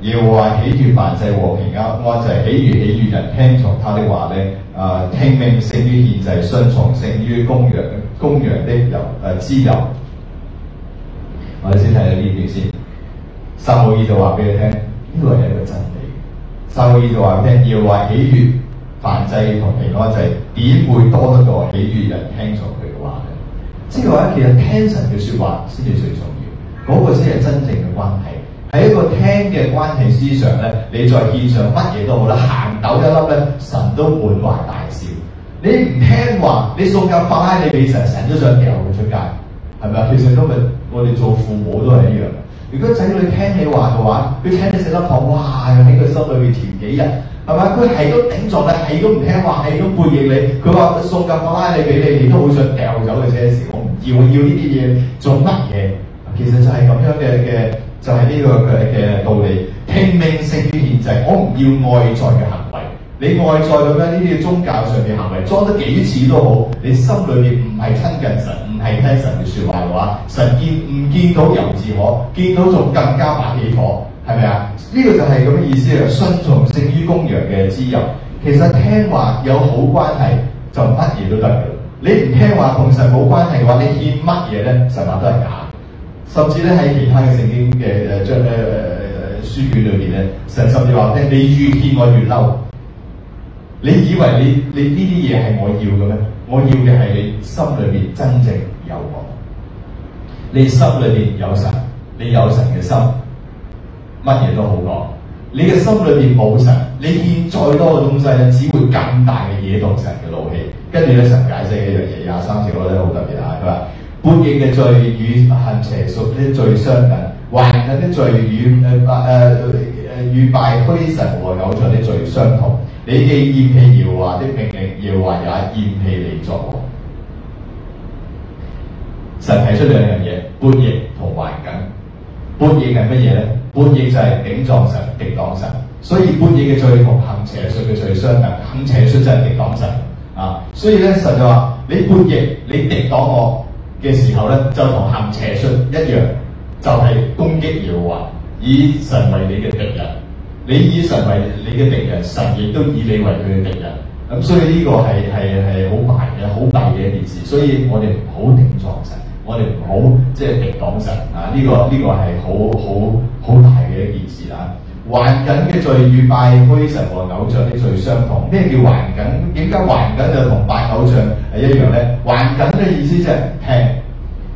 要話喜悅燔祭和平安祭，豈如喜悅人聽從他的話咧。啊、呃，聽命勝於獻祭，順從勝於公羊公羊的油誒、呃、脂油。我哋先睇下呢段先。撒母耳就話俾你聽，呢個係一個真理。撒母耳就話聽，要話喜悅燔祭同平安祭，點會多得過喜悅人聽從佢？即係話，其實聽神嘅説話先至最重要，嗰、嗰個先係真正嘅關係。喺一個聽嘅關係思想咧，你再獻上乜嘢都好啦，行抖一粒咧，神都滿懷大笑。你唔聽話，你送緊花你俾神，神都想掉佢出街，係咪啊？其實今日我哋做父母都係一樣。如果仔女聽你話嘅話，佢聽你食粒糖，哇！喺佢心裏面甜幾日。係嘛？佢係都頂撞你，係都唔聽話，係都背逆你。佢話送咁多拉你俾你，你都好想掉走架車先。我唔要要呢啲嘢，做乜嘢？其實就係咁樣嘅嘅，就係呢個嘅嘅道理。聽命勝於獻祭，我唔要外在嘅行為。你外在咁樣呢啲宗教上嘅行為，裝得幾似都好，你心裏面唔係親近神，唔係聽神嘅説話嘅話，神見唔見到猶自可，見到就更加把起火。係咪啊？呢、這個就係咁嘅意思啊！順從勝於公羊嘅脂油，其實聽話有好關係就乜嘢都得嘅啦。你唔聽話同神冇關係嘅話，你獻乜嘢咧？神話都係假。甚至咧喺其他嘅聖經嘅誒將咧誒書卷裏邊咧，神甚至話：你越獻我越嬲。你以為你你呢啲嘢係我要嘅咩？我要嘅係你心裏面真正有我。你心裏面有神，你有神嘅心。乜嘢都好講，你嘅心裏邊冇神，你見再多嘅東西咧，只會更大嘅嘢動神嘅怒氣。跟住咧，神解釋一樣嘢，廿三條我覺得好特別啊。佢話：悖逆嘅罪與行邪術啲罪相近，頑梗啲罪與誒誒誒與拜虛神和偶像啲罪相同。你既厭棄耶和華啲命令，耶和華也厭棄你作王。神提出兩樣嘢：悖逆同頑梗。悖逆係乜嘢咧？叛逆就係頂撞神、敵擋神，所以叛逆嘅罪同行邪術嘅罪相同，行邪、邪術就係敵擋神啊！所以咧，神就話，你叛逆、你敵擋我嘅時候咧，就同行邪術一樣，就係、是、攻擊耶和華，以神為你嘅敵人，你以神為你嘅敵人，神亦都以你為佢嘅敵人。咁、嗯、所以呢個係係係好壞嘅、好弊嘅一件事。所以我哋唔好頂撞神。我哋唔好即係講神啊！呢、這個呢、這個係好好好大嘅一件事啦。頑梗嘅罪與拜虛神和偶像嘅罪相同。咩叫頑梗？點解頑梗就同拜偶像係一樣咧？頑梗嘅意思即係唔聽。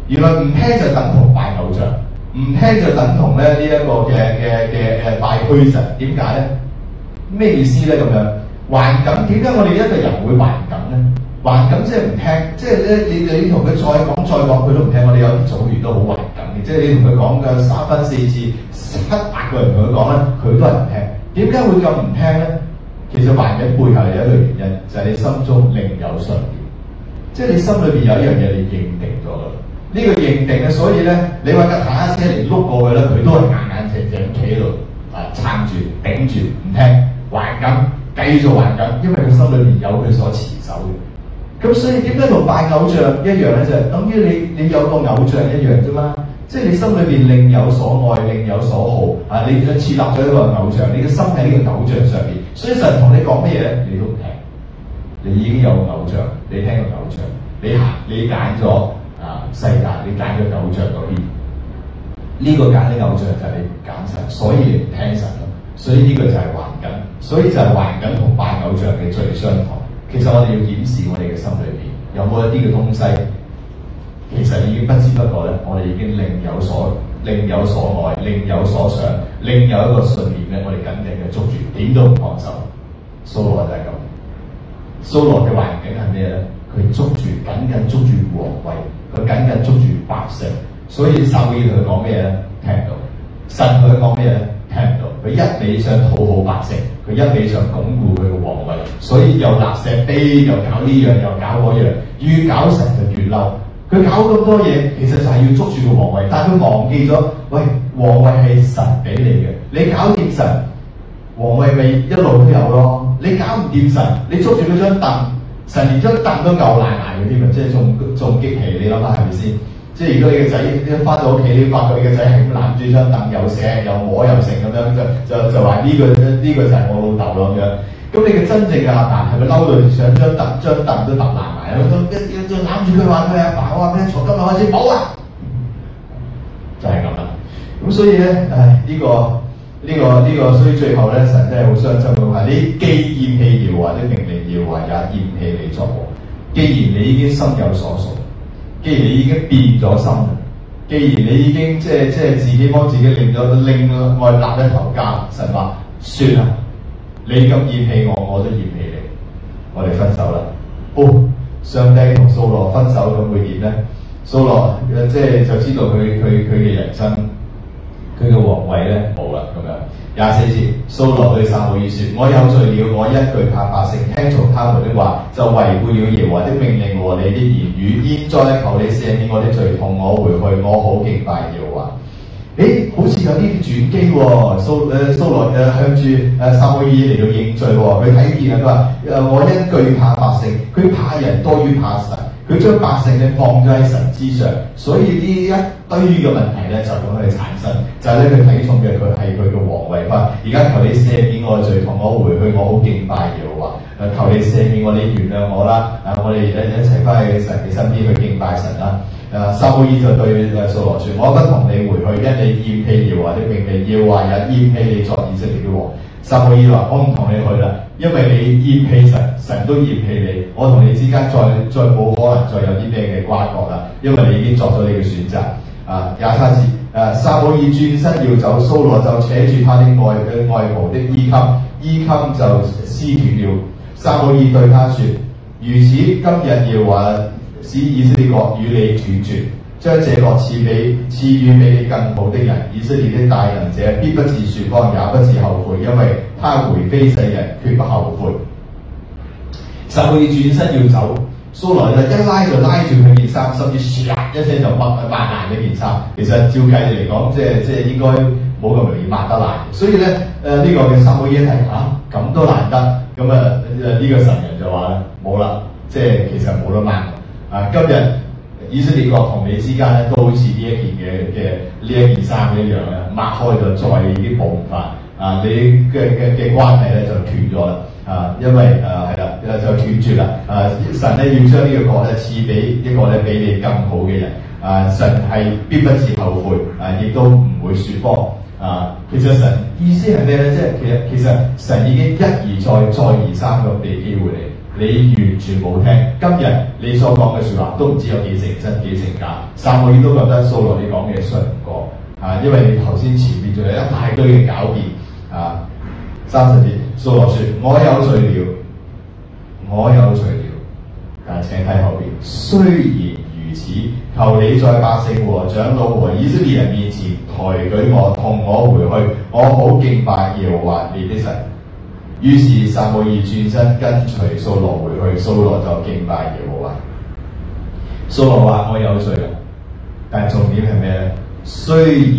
原來唔聽就等同拜偶像，唔聽就等同咧呢一、這個嘅嘅嘅誒拜虛神。點解咧？咩意思咧？咁樣頑梗？點解我哋一個人會頑梗咧？頑梗即係唔聽，即係咧，你你同佢再講再講，佢都唔聽。我哋有啲組員都好頑梗嘅，即係你同佢講嘅三番四次七八個人同佢講咧，佢都係唔聽。點解會咁唔聽咧？其實頑梗背後有一個原因，就係你心中另有信念，即係你心裏邊有一樣嘢你認定咗嘅。呢個認定啊，所以咧，你話架坦克車嚟轆過去咧，佢都係硬硬淨淨企喺度啊，撐住頂住唔聽，頑梗繼續頑梗，因為佢心裏邊有佢所持守嘅。咁所以點解同拜偶像一樣咧？就等於你你有個偶像一樣啫嘛，即係你心裏邊另有所愛、另有所好啊！你就設立咗一個偶像，你嘅心喺呢個偶像上邊，所以神同你講咩嘢，你都唔聽。你已經有偶像，你聽個偶像，你你揀咗啊世界，你揀咗偶像嗰邊，呢個揀啲偶像就係你唔揀神，所以唔聽神咯。所以呢個就係頑梗，所以就係頑梗同拜偶像嘅罪相同。其實我哋要檢視我哋嘅心裏邊有冇一啲嘅東西，其實已經不知不覺咧，我哋已經另有所另有所愛、另有所想、另有一個信念咧，我哋緊緊嘅捉住，點都唔放手。掃羅就係咁，掃羅嘅環境係咩咧？佢捉住緊緊捉住王位，佢緊緊捉住百姓。所以撒母耳同佢講咩咧？聽唔到。神同佢講咩？聽唔到。一味想討好百姓，佢一味想鞏固佢個皇位，所以又立石碑，又搞呢樣，又搞嗰樣，越搞神就越嬲。佢搞咁多嘢，其實就係要捉住個皇位，但係佢忘記咗，喂，皇位係神俾你嘅，你搞掂神，皇位咪一路都有咯。你搞唔掂神，你捉住嗰張凳，神連張凳都夠爛埋嗰啲咪，即係仲仲激氣，你諗下係咪先？即係如果你個仔一翻到屋企，你發覺你個仔係咁攬住張凳，又醒，又摸，又成咁樣，就就就話呢個呢個就係我老豆咯咁樣。咁你嘅真正嘅阿爸係咪嬲到想張凳張凳都揼爛埋？咁樣一要要攬住佢話咩阿爸，我話咩從今日開始冇啊！就係咁啦。咁所以咧，唉，呢個、呢個、呢個，所以最後咧，神真係好傷心咁話：你既厭棄耶和華，你明明耶和華也厭棄你作王。既然你已經心有所屬。既然你已經變咗心，既然你已經即係即係自己幫自己擰咗另外另一頭家，神話，算啦，你咁嫌棄我，我都嫌棄你，我哋分手啦。哦，上帝同掃羅分手咁會點咧？掃羅即係就知道佢佢佢嘅人生。佢嘅王位咧冇啦，咁樣。廿四節，蘇羅對撒母耳説：我有罪了，我一句怕百姓聽從他們的話，就違背了耶和華的命令和你的言語。現在求你赦免我的罪，同我回去，我好敬拜耶和華。誒，好似有啲轉機喎，蘇誒蘇羅誒向住誒撒母耳嚟到認罪佢、哦、睇見啦，佢話誒我一句怕百姓，佢怕人多於怕神。佢將百姓咧放咗喺神之上，所以啲一堆嘅問題咧就咁、是、樣產生。就係咧佢睇重嘅佢係佢嘅王位。而家求你赦免我嘅罪，同我回去，我好敬拜耶和華。求你赦免我，你原諒我啦、啊。我哋一一齊翻去神嘅身邊去敬拜神啦。誒、啊，撒母耳就對誒掃、啊、羅説：我不同你回去，因為你厭棄耶和華的命令，要話也厭棄你作以色列的王。撒母耳話：我唔同你去啦。因為你厭棄神，神都厭棄你。我同你之間再再冇可能再有啲咩嘅瓜葛啦。因為你已經作咗你嘅選擇。啊，廿三次，誒、啊，撒母耳轉身要走，蘇羅就扯住他的外嘅外袍的衣襟，衣襟就撕斷了。撒母耳對他説：如此，今日耶和華使以色列國與你斷絕。將這個賜俾、賜予俾更好的人。以色列的大人者必不自説謊，也不自後悔，因為他回非世人，決不後悔。撒母耳轉身要走，蘇萊勒一拉就拉住佢件衫，甚至一聲就掹擘、擘爛嗰件衫。其實照計嚟講，即係即係應該冇咁容易擘得爛。所以咧，誒呢個嘅撒母耳係嚇咁都難得。咁啊，呢個神人就話咧，冇啦，即係其實冇得擘。啊，今日。以色列國同你之間咧，都好似呢一件嘅嘅呢一件衫一樣咧，擘開就再啲冇法啊！你嘅嘅嘅關係咧就斷咗啊！因為啊係啦，就就斷絕啦啊、呃！神咧要將呢個國咧賜俾一個比你更好嘅人啊、呃！神係必不致後悔啊，亦都唔會説謊啊！其實神意思係咩咧？即係其實其實神已經一而再、再而三噉俾機會你。你完全冇聽，今日你所講嘅説話都唔知有幾成真幾成假，撒母耳都覺得掃羅你講嘢信唔過，啊，因為你頭先前面仲有一大堆嘅狡辯，啊，三十節，掃羅說：「我有罪了，我有罪了。」但請睇後邊。雖然如此，求你在百姓和長老和以色列人面前抬舉我，同我回去，我好敬拜耶和華你的神。於是撒母耳轉身跟隨掃羅回去，掃羅就敬拜耶和華。掃羅話：我有罪啦！但重點係咩咧？雖然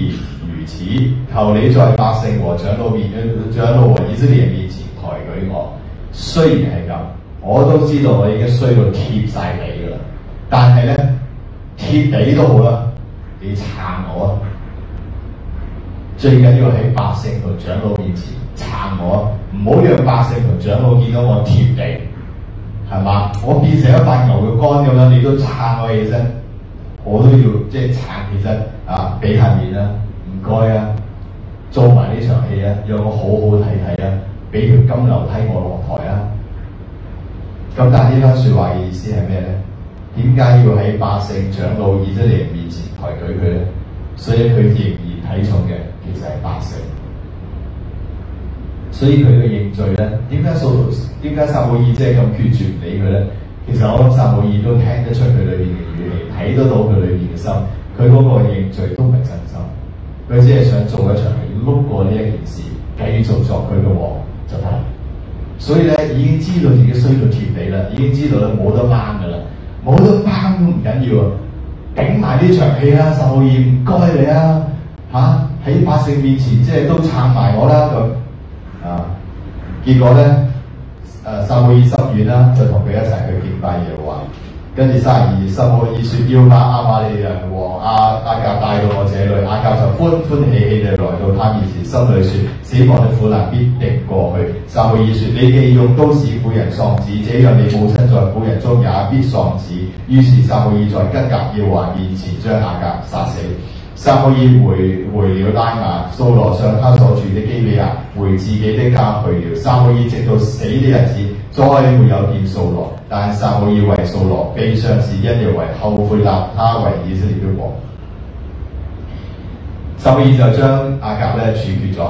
如此，求你在百姓和長老面誒長老和以色列人面前抬舉我。雖然係咁，我都知道我已經衰到貼晒地㗎啦，但係咧，貼地都好啦，你撐我。最緊要喺百姓同長老面前撐我，唔好讓百姓同長老見到我貼地，係嘛？我變成一塊牛肉乾咁樣，你都撐我起身，我都要即係、就是、撐起身啊！俾下面啦，唔該啊，做埋呢場戲啊，讓我好好睇睇啊，俾條金樓梯我落台啊！咁但係呢番説話嘅意思係咩咧？點解要喺百姓、長老、以色列人面前抬舉佢咧？所以佢仍然睇重嘅。其實係八成，所以佢嘅認罪咧，點解掃、點解撒母耳即係咁決絕唔理佢咧？其實我諗撒母耳都聽得出佢裏邊嘅語氣，睇得到佢裏邊嘅心。佢嗰個認罪都唔係真心，佢只係想做一場戲，碌過呢一件事，繼續作佢嘅王就得。所以咧，已經知道自己衰到貼地啦，已經知道咧冇得掹噶啦，冇得掹都唔緊要啊，頂埋呢場戲啦，撒母耳唔該你啊！嚇！喺、啊、百姓面前，即係都撐埋我啦，就啊，結果咧，誒撒母耳心軟啦，就同佢一齊去見耶和華。跟住撒兒撒母耳説：要把亞瑪力人王亞亞甲帶到我這裏。亞甲就歡歡喜喜地來到他面前，心裏説：死亡的苦難必定過去。撒母耳説：你既用刀使婦人喪子，這樣你母親在婦人中也必喪子。於是撒母耳在吉甲耶和華面前將亞甲殺死。撒母耳回回了拉雅，掃羅上他所住的基比亞，回自己的家去了。撒母耳直到死的日子，再沒有見掃羅。但撒母耳為掃羅悲傷時，因着為後悔立他為以色列的王。撒母耳就將亞甲咧處決咗，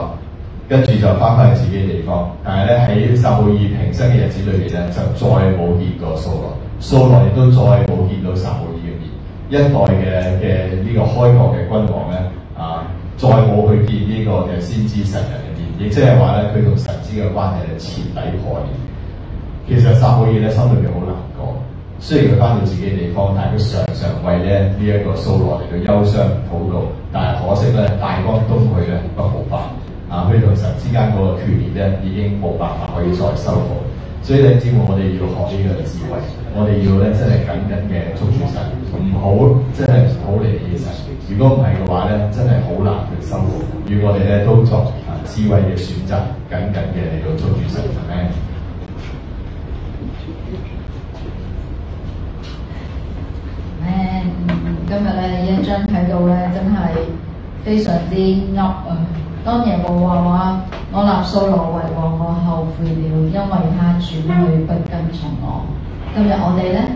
跟住就翻返去自己嘅地方。但係呢，喺撒母耳平生嘅日子裏面呢，就再冇見過掃羅，掃羅亦都再冇見到撒母耳嘅面。一代嘅嘅呢個開國嘅君王咧，啊，再冇去見呢個嘅先知神人嘅面，亦即係話咧，佢同神之嘅關係咧徹底破裂。其實撒母耳咧心裏邊好難過，雖然佢翻到自己地方，但係佢常常為咧呢一、這個掃羅嚟嘅憂傷嘅禱告。但係可惜咧，大江東去咧不復返啊！佢同神之間嗰個決裂咧已經冇辦法可以再修復，所以你只我，我哋要學呢個智慧，我哋要咧真係緊緊嘅捉住神。唔好，即係唔好嚟。其實，如果唔係嘅話咧，真係好難去生活。如我哋咧都作、啊、智慧嘅選擇，緊緊嘅嚟到做住實踐咧。咩？今日咧一張睇到咧，真係非常之噏啊！當然冇話話我立掃羅為王，我後悔了，因為他轉去不跟從我。今日我哋咧。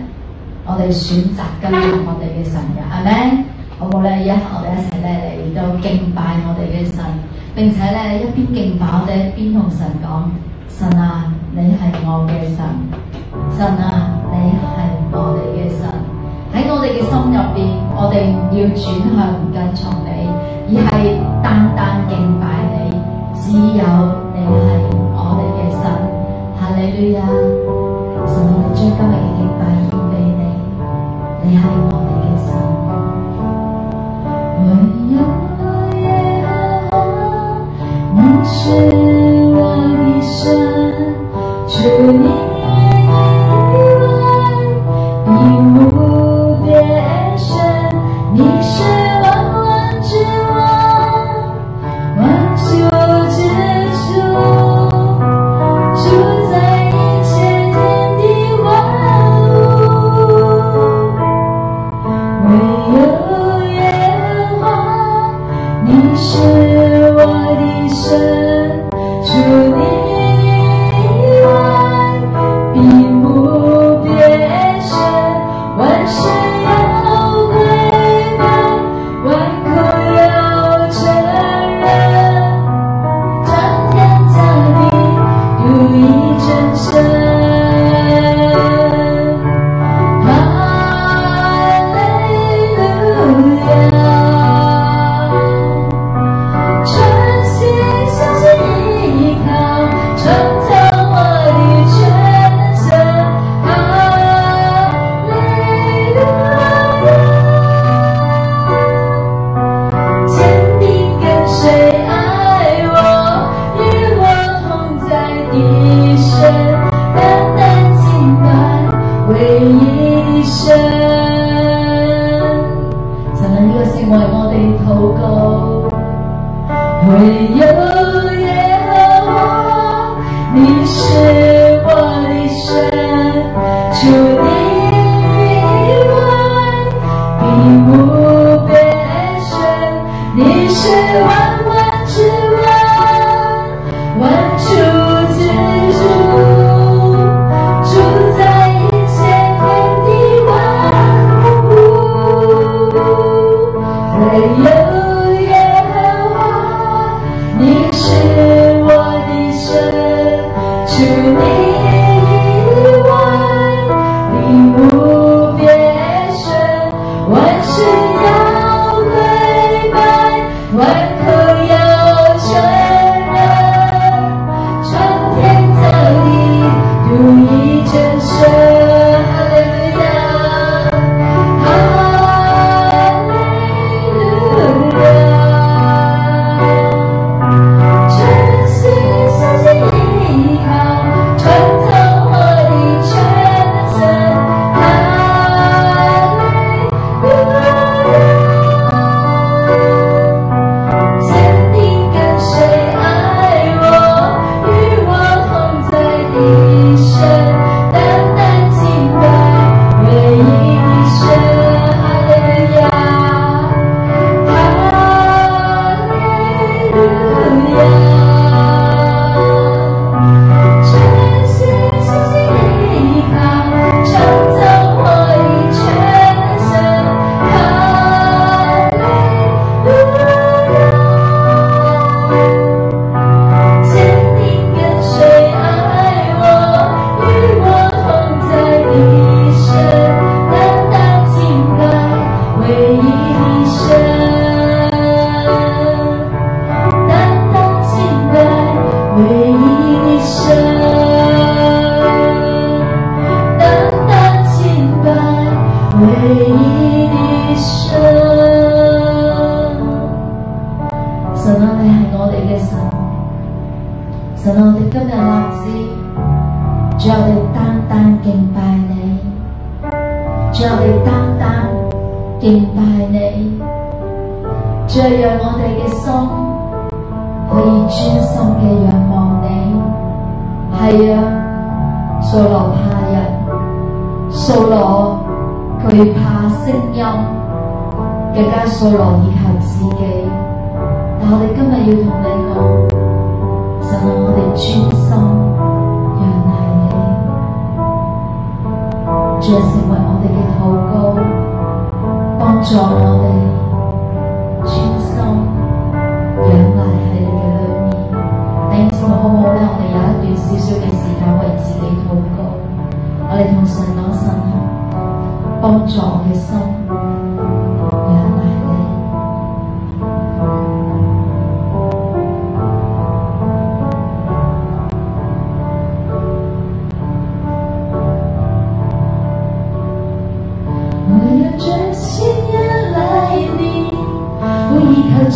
我哋選擇跟從我哋嘅神嘅，係咪？好冇咧，而我哋一齊咧嚟到敬拜我哋嘅神，並且咧一邊敬拜一邊同神講：神啊，你係我嘅神；神啊，你係我哋嘅神。喺我哋嘅心入邊，我哋唔要轉向跟從你，而係單單敬拜你。只有你係我哋嘅神。哈利路亞！神我哋將今日。你係我哋嘅神，唯有耶和華會説。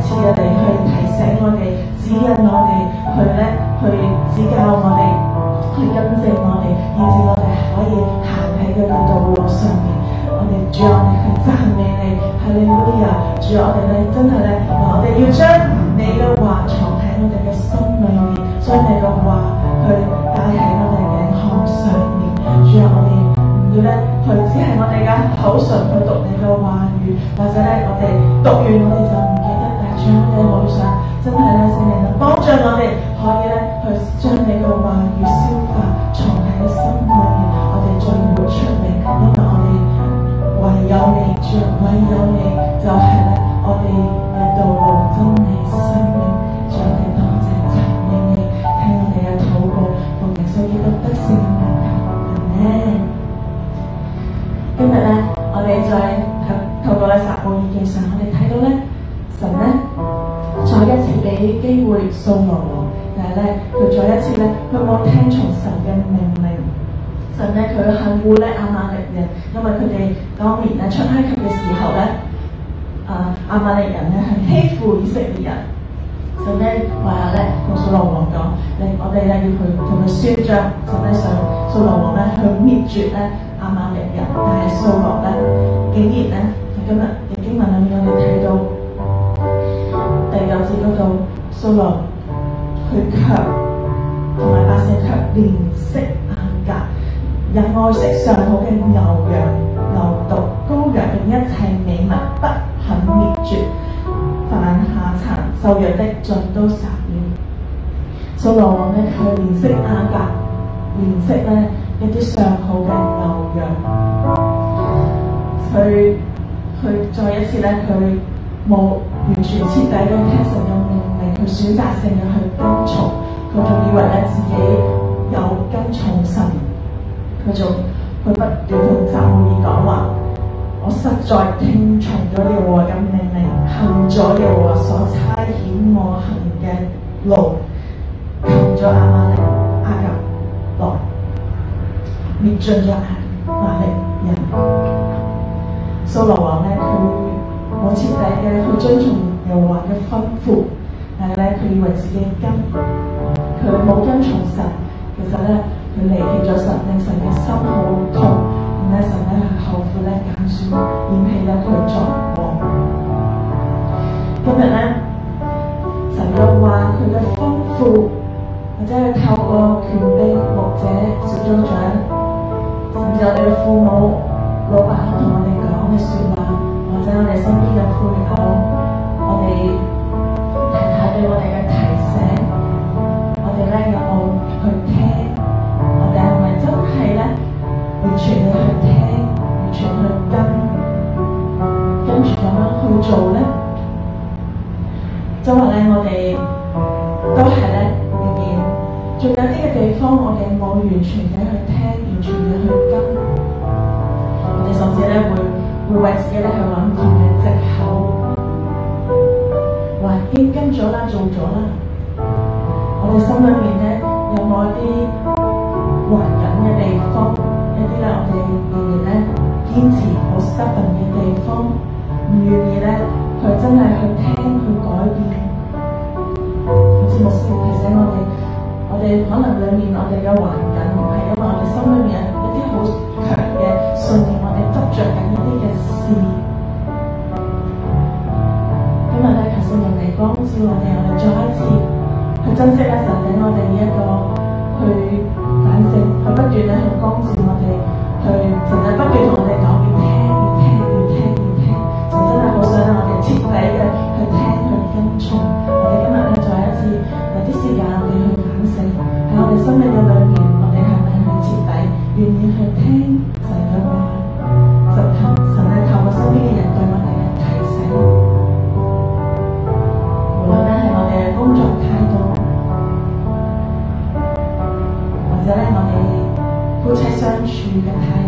次我地去提醒我哋，指引我哋，去咧，去指教我哋，去印證我哋，以致我哋可以行喺佢嘅道路上面。我哋主啊，我哋去讚美你，係你榮耀。主啊，我哋咧真係咧，我哋要將你嘅話藏喺我哋嘅心裏面，將你嘅話去帶喺我哋嘅行上面。主啊，我哋唔要咧，佢只係我哋嘅口唇去讀你嘅話語，或者咧我哋讀完我哋。絕咧暗暗敵人，但係掃羅咧竟然咧，今日《聖經》文啊，我哋睇到第九節嗰度，掃羅佢卻同埋百姓卻憐惜亞甲，也愛惜上好嘅牛羊牛犢羊羔，並一切美物，不肯滅絕，凡下賤瘦弱的盡都殺了。掃羅王咧，佢憐惜亞甲，憐惜咧。成日去跟從，佢仲以為咧自己有跟從神，佢仲佢不斷同撒母耳講話：我實在聽從咗耶和華嘅命令，行咗耶和華所差遣我行嘅路，擒咗亞瑪力王亞甲來，滅盡咗亞瑪力人。掃羅話咧：佢有徹底嘅去遵從耶和華嘅吩咐。但係咧，佢以為自己跟佢冇跟從神，其實咧佢離棄咗神，令神嘅心好痛。而、嗯、咧神咧後悔咧，減少，厭棄咧佢作王。今日咧，神又話佢嘅豐富，或者佢透過權力，或者、小組長，甚至我哋嘅父母、老闆同我哋講嘅説話，或者我哋身邊嘅配偶。我哋都係咧，仍然仲有啲嘅地方，我哋冇完全嘅去聽，完全嘅去跟。我哋甚至咧會會為自己咧去諗同嘅借口，已經跟咗啦，做咗啦。我哋心裏面咧有冇一啲還緊嘅地方？一啲咧，我哋仍然咧堅持冇得變嘅地方，唔願意咧，去真係去聽去改變。目提醒我哋，我哋可能裏面我哋嘅環境係啊嘛，我哋心裏面有一啲好強嘅信念，我哋執着緊一啲嘅事。咁啊，求神用嚟光照我哋，我哋再一次去珍惜一神俾我哋呢一個。呢兩年，我哋係咪去徹底，願意去聽神嘅話，就靠神係透過身邊嘅人對我哋嘅提醒，無論咧係我哋嘅工作態度，或者咧我哋夫妻相處嘅態。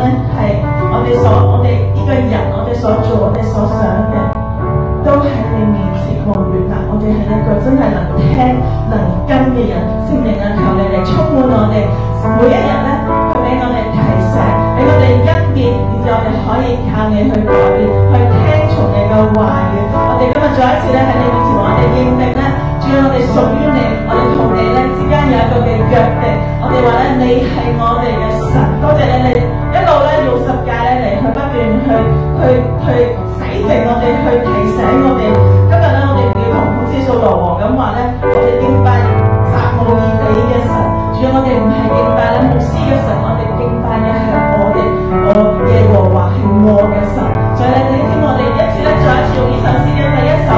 咧係我哋所，我哋呢個人，我哋所做，我哋所想嘅，都喺你面前蒙遠啊！我哋係一個真係能聽、能跟嘅人，聖靈啊，求你哋充滿我哋，每一日咧，佢俾我哋提醒俾我哋恩典，以致我哋可以靠你去改變，去聽從你嘅話語。我哋今日再一次咧喺你面前，我哋認定咧，主啊，我哋屬於你，我哋同你咧之間有一個嘅約定。我哋話咧，你係我哋嘅神，多謝，謝你哋。去洗淨我哋，去提醒我哋。今日咧，我哋唔要同古之掃羅王咁話咧，我哋敬拜撒母耳地嘅神。主要我哋唔係敬拜咧牧師嘅神，我哋敬拜嘅係我哋，我耶和華係我嘅神。所以咧，你知我哋一次咧，再一次用呢首詩嘅第一首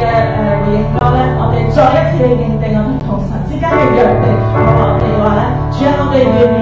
嘅誒、呃、回應歌咧，我哋再一次去認定，我哋同神之間嘅約定。我話我哋話咧，主要我哋願。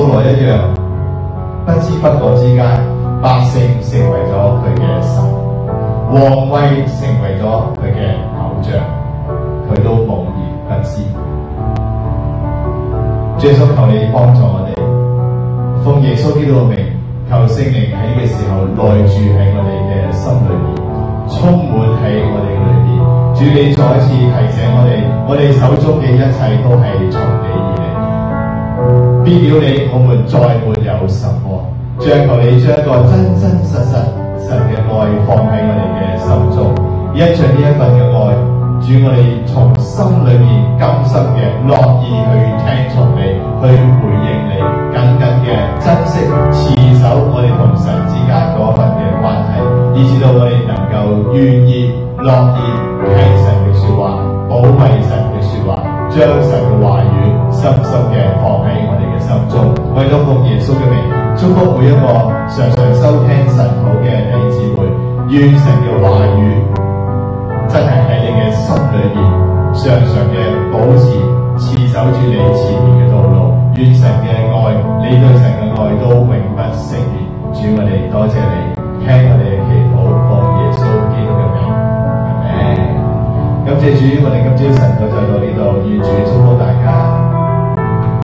原來一樣，不知不覺之間，百姓成為咗佢嘅神，王位成為咗佢嘅偶像，佢都茫然不知。主耶穌求你幫助我哋，奉耶穌基督嘅名，求聖靈喺嘅時候內住喺我哋嘅心裏面，充滿喺我哋嘅裏面。主你再一次提醒我哋，我哋手中嘅一切都係從你滅了你，我們再沒有什麼。將求你將一個真真實實神嘅愛放喺我哋嘅心中，因着呢一份嘅愛，主，我哋從心裏面甘心嘅樂意去聽從你，去回應你，緊緊嘅珍惜持守我哋同神之間一份嘅關係，以至到我哋能夠願意樂。奉耶穌嘅名，祝福每一個常常收聽神道嘅弟兄姊妹，願神嘅話語真係喺你嘅心裏面常常嘅保持，持守住你前面嘅道路，願神嘅愛，你對神嘅愛都永不熄滅。主我哋多謝你，聽我哋嘅祈禱，奉耶穌基督嘅名，阿門。感謝主，我哋今朝神道就到呢度，願主祝福。